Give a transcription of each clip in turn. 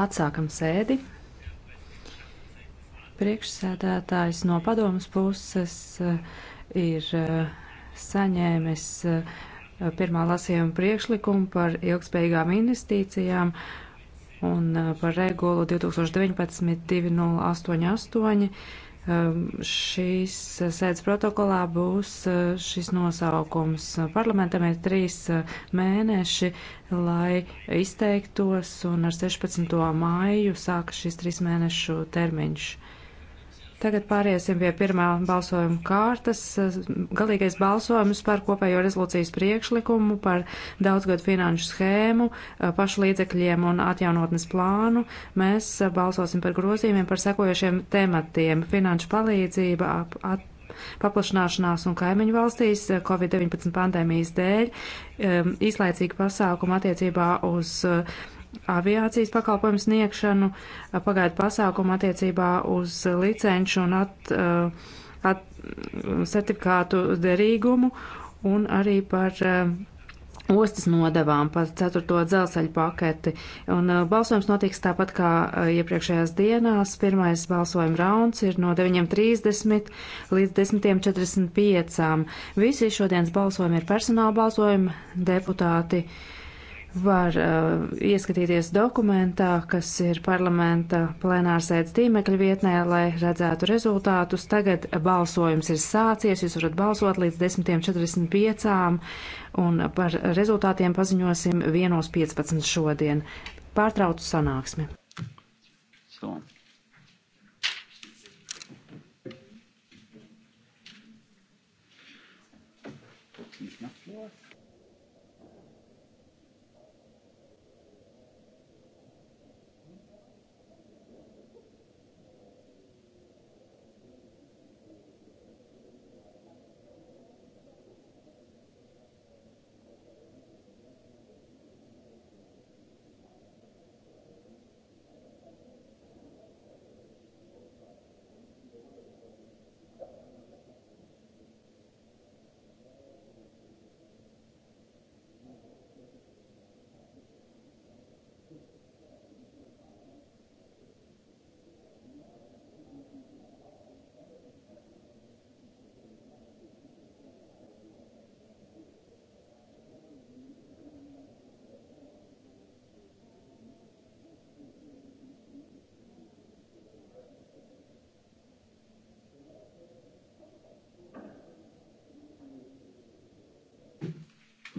Atsākam sēdi. Priekšsēdētājs no padomas puses eh, ir eh, saņēmis eh, pirmā lasījuma priekšlikumu par ilgspējīgām investīcijām un par regulu 2019-2088 Ehm, Šīs eh, sēdes protokolā būs eh, šis nosaukums. Parlamentam ir trīs eh, mēneši, lai izteiktos, un ar 16. māju sākas šis trīs mēnešu termiņš. Tagad pāriesim pie pirmā balsojuma kārtas. Galīgais balsojums par kopējo rezolūcijas priekšlikumu par daudzgadu finanšu schēmu, pašu līdzekļiem un atjaunotnes plānu. Mēs balsosim par grozījumiem par sekojošiem tematiem - finanšu palīdzība, ap, at, paplašanāšanās un kaimiņu valstīs Covid-19 pandēmijas dēļ, um, īslaicīgi pasākumu attiecībā uz uh, aviācijas pakalpojumu sniegšanu, pagaidu pasākumu attiecībā uz licenču un at, at, certifikātu derīgumu un arī par ostas nodevām par ceturto dzelzceļu paketi. Un balsojums notiks tāpat kā iepriekšējās dienās. Pirmais balsojuma rauns ir no 9.30 līdz 10.45. Visi šodienas balsojumi ir personāla balsojumi, deputāti. Uh, var uh, ieskatīties dokumentā, kas ir parlamenta plenārsēdes tīmekļa vietnē, lai redzētu rezultātus. Tagad balsojums ir sācies, jūs varat balsot līdz 10.45 un par rezultātiem paziņosim 1.15 šodien. Pārtraucu sanāksmi. So.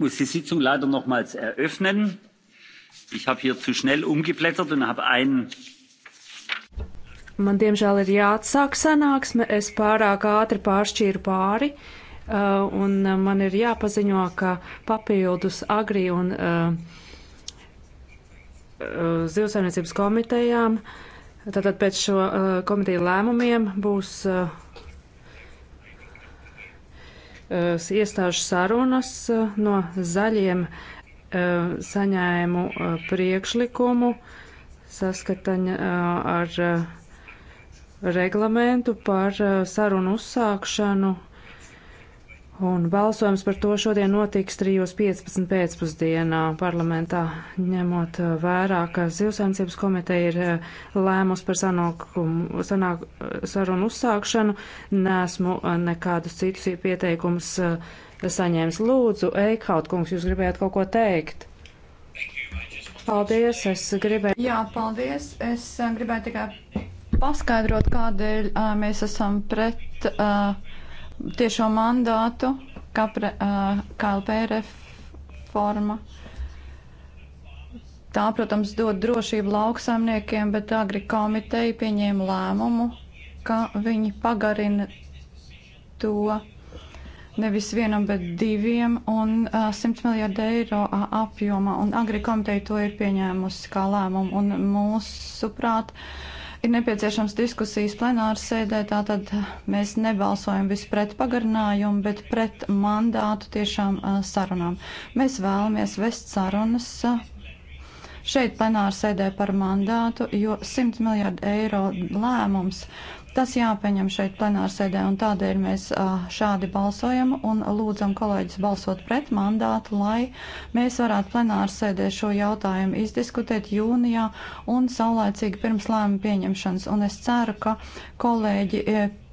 muss die sitzung leider nochmals eröffnen. Ich habe hier zu schnell umgeblättert und habe einen. Man diemžēl ir jāatsāk sanāksme, es pārāk ātri pāršķīru pāri, uh, un uh, man ir jāpaziņo, ka papildus agri un uh, zivsaimniecības komitejām, tātad pēc šo komiteju lēmumiem būs iestāžu sarunas eh, no zaļiem eh, saņēmu eh, priekšlikumu saskataņa ar reglamentu par sarunu uzsākšanu Un balsojums par to šodien notiks 3.15 pēcpusdienā parlamentā, ņemot vērā, ka Zivsainicības komiteja ir eh, lēmus par sanākumu, sanāk, sarunu uzsākšanu. Nesmu eh, nekādus citus pieteikumus eh, saņēmis. Lūdzu, Eikhaut kungs, jūs gribējāt kaut ko teikt? Paldies, es gribēju. Jā, paldies. Es gribēju tikai paskaidrot, kādēļ mēs esam pret. Uh, tiešo mandātu, kā uh, KLP reforma. Tā, protams, dod drošību lauksaimniekiem, bet agri komiteja pieņēma lēmumu, ka viņi pagarina to nevis vienam, bet diviem un uh, 100 miljārdu eiro uh, apjomā. Un agri komiteja to ir pieņēmusi kā lēmumu. Un mūsuprāt, uh, ir nepieciešams diskusijas plenāras sēdē, tātad mēs nebalsojam visu pret pagarinājumu, bet pret mandātu tiešām sarunām. Mēs vēlamies vest sarunas šeit plenāra sēdē par mandātu, jo 100 miljārdu eiro lēmums Tas jāpieņem šeit plenārsēdē, un tādēļ mēs šādi balsojam un lūdzam kolēģis balsot pret mandātu, lai mēs varētu plenārsēdē šo jautājumu izdiskutēt jūnijā un saulēcīgi pirms lēma pieņemšanas. Un es ceru, ka kolēģi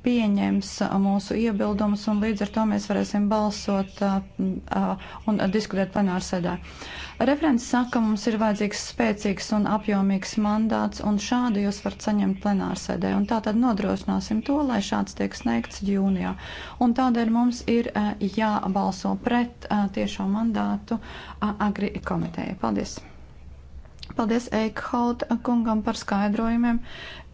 pieņems mūsu iebildumus, un līdz ar to mēs varēsim balsot un diskutēt plenārsēdē. Referents saka, mums ir vajadzīgs spēcīgs un apjomīgs mandāts, un šādu jūs varat saņemt plenārsēdē. Un tā tad nodrošināsim to, lai šāds tiek sniegts jūnijā. Un tādēļ mums ir e, jābalso pret e, tiešo mandātu agri komiteja. Paldies! paldies Eikhaut kungam par skaidrojumiem.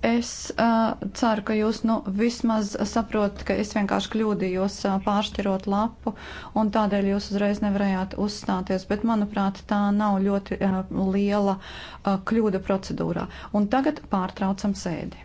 Es uh, ceru, ka jūs nu, vismaz saprotat, ka es vienkārši kļūdījos uh, pāršķirot lapu, un tādēļ jūs uzreiz nevarējāt uzstāties. Bet, manuprāt, tā nav ļoti uh, liela uh, kļūda procedūrā. Un tagad pārtraucam sēdi.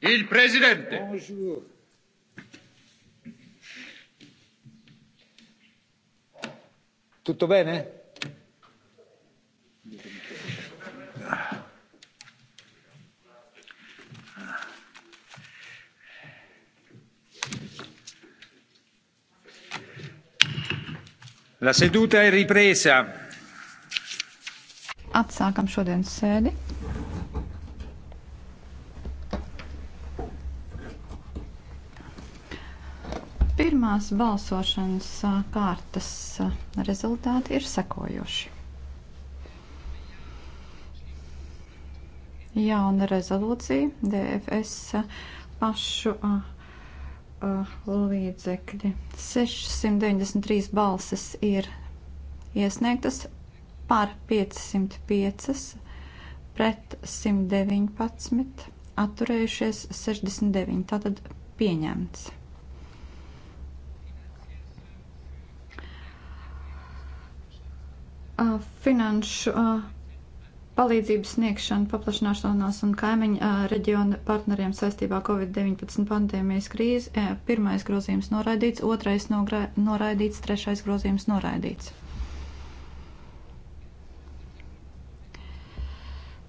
Il Presidente. Bonjour. Tutto bene? La seduta è ripresa. Atsākam šodienas sēdi. Pirmās balsošanas kārtas rezultāti ir sekojoši. Jauna rezolūcija, DFS pašu uh, uh, līdzekļi. 693 balsis ir iesniegtas par 505, pret 119, atturējušies 69, tātad pieņemts. finanšu palīdzības sniegšanu paplašināšanos un kaimiņu reģionu partneriem saistībā Covid-19 pandēmijas krīzi. E, pirmais grozījums noraidīts, otrais noraidīts, trešais grozījums noraidīts.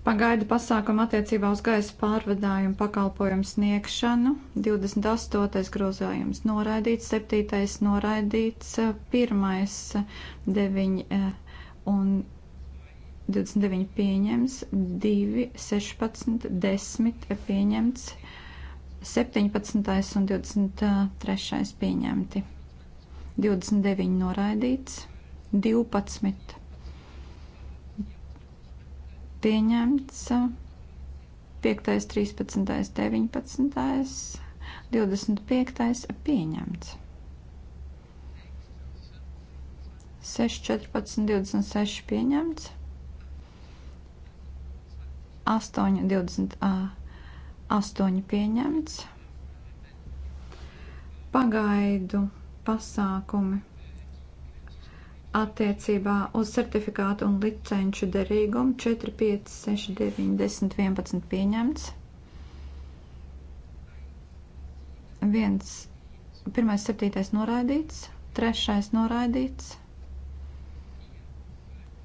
Pagaida pasākuma attiecībā uz gaisa pārvadājumu pakalpojumu sniegšanu. 28. grozījums noraidīts, 7. noraidīts, 1. 9 un 29 pieņems, 2, 16, 10 pieņemts, 17 un 23 pieņemti, 29 noraidīts, 12 pieņemts, 5, 13, 19, 25 pieņemts. 6, 14, 26 pieņemts. 8, 28 pieņemts. Pagaidu pasākumi attiecībā uz certifikātu un licenču derīgumu 4, 5, 6, 9, 10, 11 pieņemts. 1, 1, 7 noraidīts, 3 noraidīts.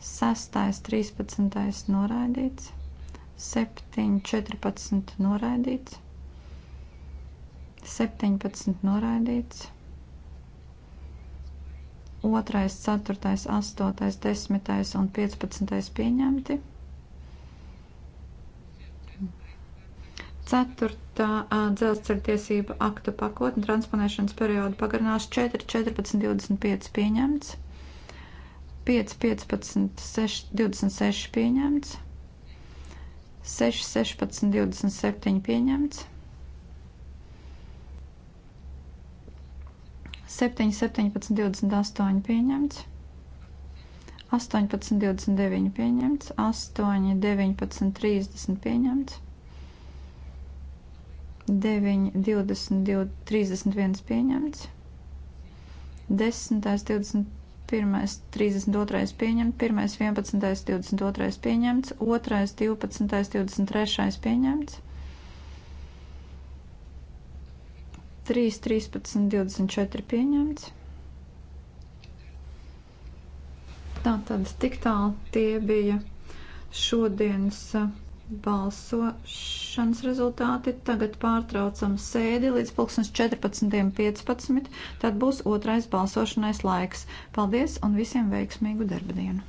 6, 13 noraidīts, 7, 14 noraidīts, 17 noraidīts, 2, 4, 8, 10 un 15 pieņemti. 4. dzelzceļa tiesība aktu pakotne transponēšanas periodu pagarinās 4, 14, 25 pieņemts. 5, 15, 6, 26 pieņemts, 6, 16, 27 pieņemts, 7, 17, 28 pieņemts, 18, 29 pieņemts, 8, 19, 30 pieņemts, 9, 20, 20 31 pieņemts, 10, 20, 1, 32 pieņemts, 1, 11, 22 pieņemts, 2, 12, 23 pieņemts, 3, 13, 24 pieņemts. Tā tad tik tālu tie bija šodienas. Uh, balsošanas rezultāti. Tagad pārtraucam sēdi līdz 14.15. Tad būs otrais balsošanais laiks. Paldies un visiem veiksmīgu darba dienu!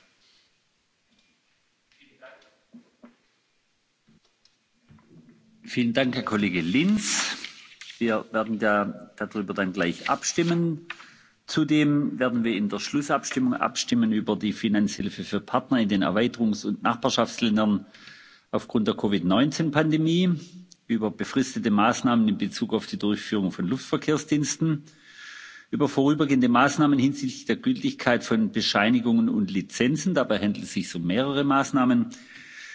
Vielen Dank, Herr Kollege Linz. Wir werden da, darüber dann gleich abstimmen. Zudem werden wir in der Schlussabstimmung abstimmen über die Finanzhilfe für Partner in den Erweiterungs- und Nachbarschaftsländern aufgrund der Covid-19-Pandemie, über befristete Maßnahmen in Bezug auf die Durchführung von Luftverkehrsdiensten, über vorübergehende Maßnahmen hinsichtlich der Gültigkeit von Bescheinigungen und Lizenzen. Dabei handelt es sich um mehrere Maßnahmen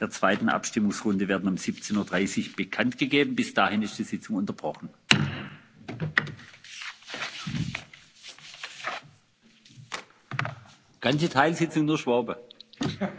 der zweiten abstimmungsrunde werden um. siebzehn dreißig uhr bekanntgegeben. bis dahin ist die sitzung unterbrochen. ganze teilsitzung nur schwabe.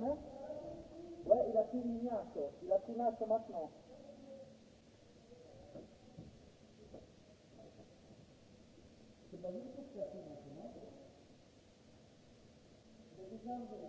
Amen. Ouais, il a plus de lumière, Il a plus l'âge maintenant. C'est pas lui qui maintenant. C'est bizarre de là.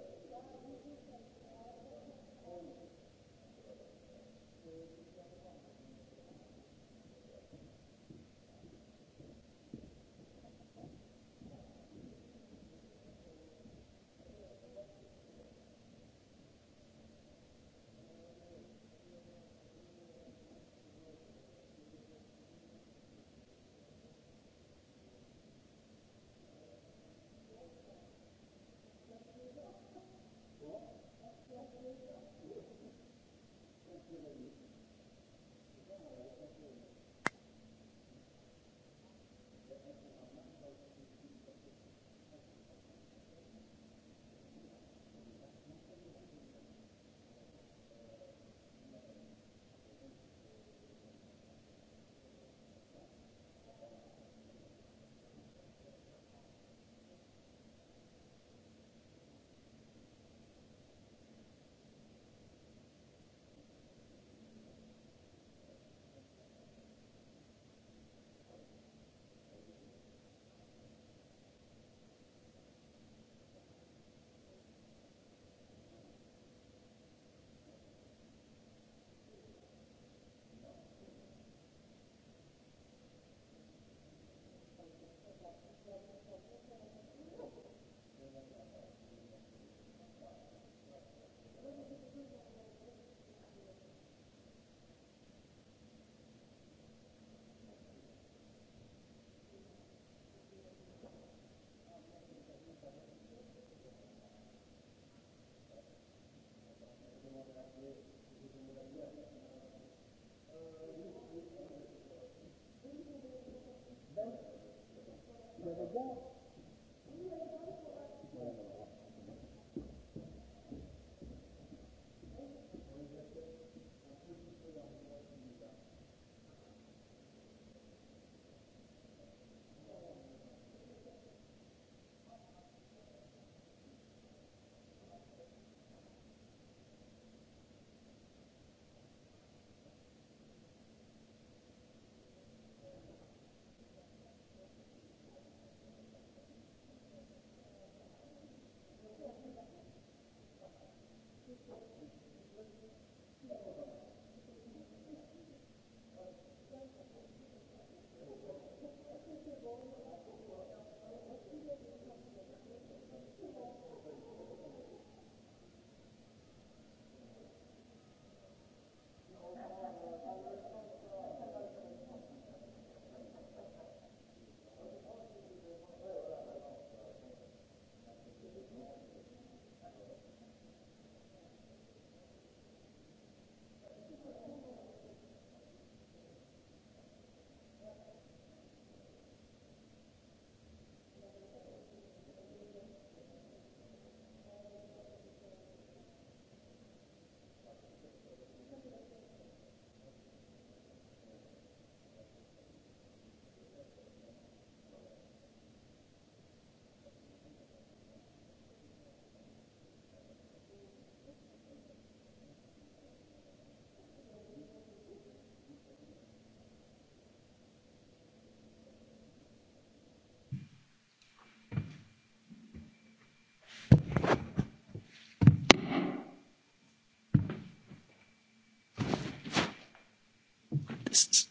exists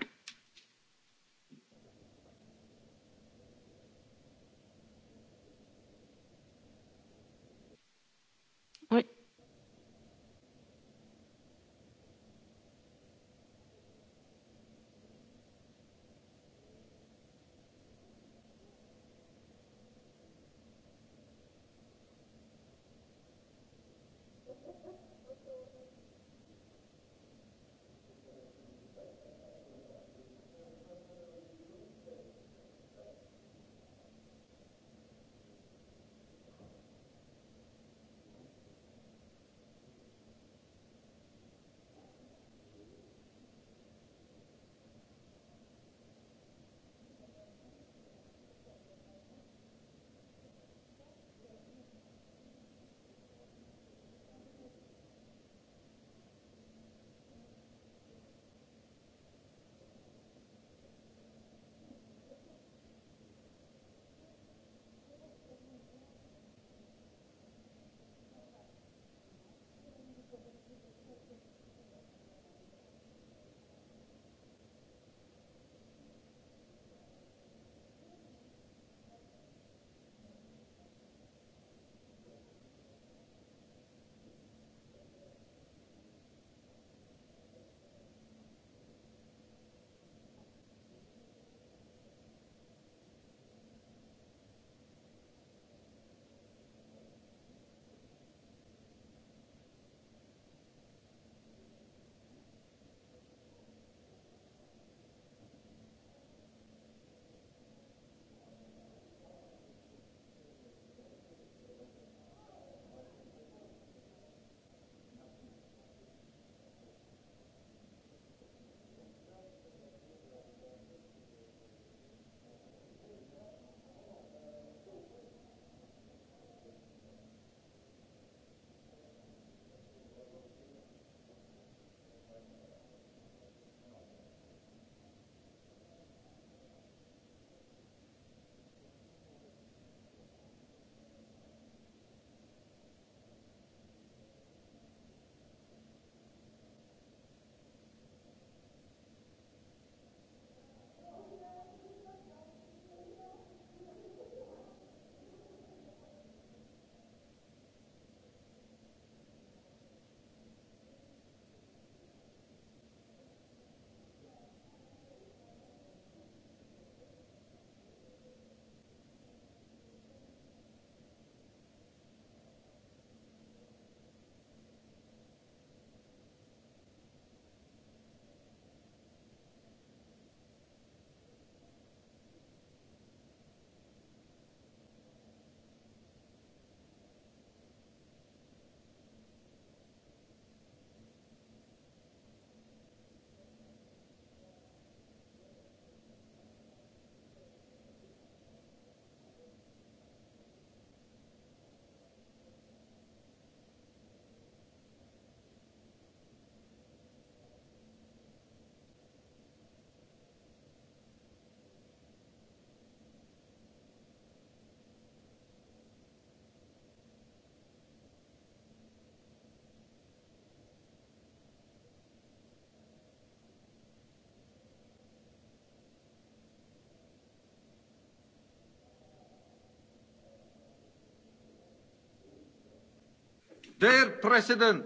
Dear President.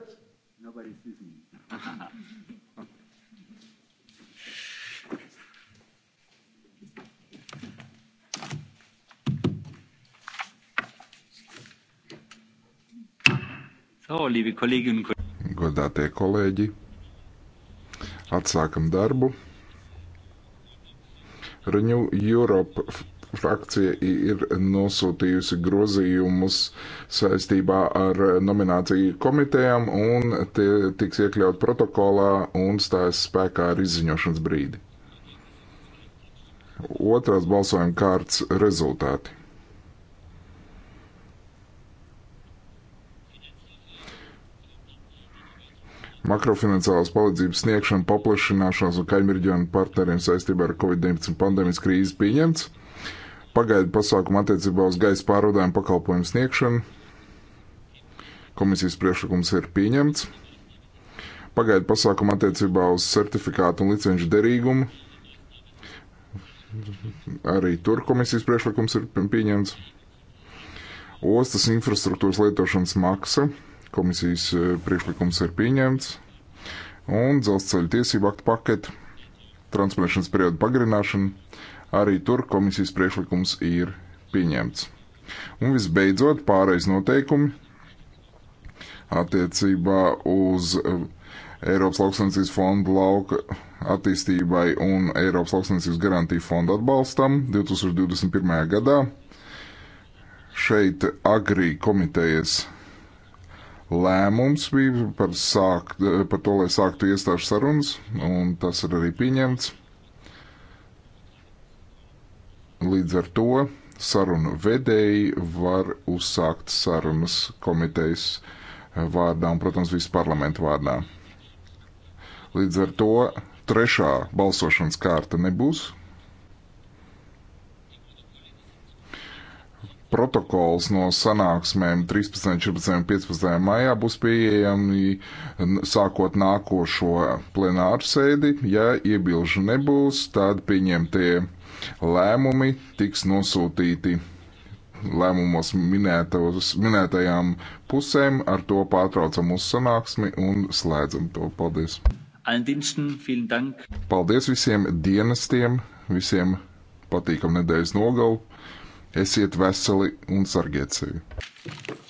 Nobody sees me. So, liebe Kolleginnen und Kollegen. Godātie kolēģi, atsākam darbu. Renew Europe frakcija ir nosūtījusi grozījumus saistībā ar nomināciju komitejām, un tie tiks iekļaut protokolā un stājas spēkā ar izziņošanas brīdi. Otrās balsojuma kārtas rezultāti. makrofinanciālās palīdzības sniegšana, paplašināšanās un kaimiņu partneriem saistībā ar Covid-19 pandēmijas krīzi pieņemts pagaidu pasākumu attiecībā uz gaisa pārvadājumu pakalpojumu sniegšanu. Komisijas priekšlikums ir pieņemts. Pagaidu pasākumu attiecībā uz certifikātu un licenšu derīgumu. Arī tur komisijas priekšlikums ir pieņemts. Ostas infrastruktūras lietošanas maksa. Komisijas eh, priekšlikums ir pieņemts. Un dzelzceļa tiesību aktu paketi. Transponēšanas periodu pagarināšanu Arī tur komisijas priekšlikums ir pieņemts. Un visbeidzot, pāreiz noteikumi attiecībā uz uh, Eiropas lauksaimniecības fonda lauka attīstībai un Eiropas lauksaimniecības garantiju fonda atbalstam 2021. gadā. Šeit agrī komitejas lēmums bija par, sākt, par to, lai sāktu iestāžu sarunas, un tas ir arī pieņemts. Līdz ar to sarunu vedēji var uzsākt sarunas komitejas eh, vārdā un, protams, visu parlamentu vārdā. Līdz ar to trešā balsošanas kārta nebūs. Protokols no sanāksmēm 13, 14, 15. maijā būs pieejami sākot nākošo plenāru sēdi. Ja iebilžu nebūs, tad pieņemtie Lēmumi tiks nosūtīti lēmumos minētos, minētajām pusēm. Ar to pārtraucam mūsu sanāksmi un slēdzam to. Paldies! Paldies visiem dienestiem, visiem patīkam nedēļas nogalu. Esiet veseli un sargiet sevi!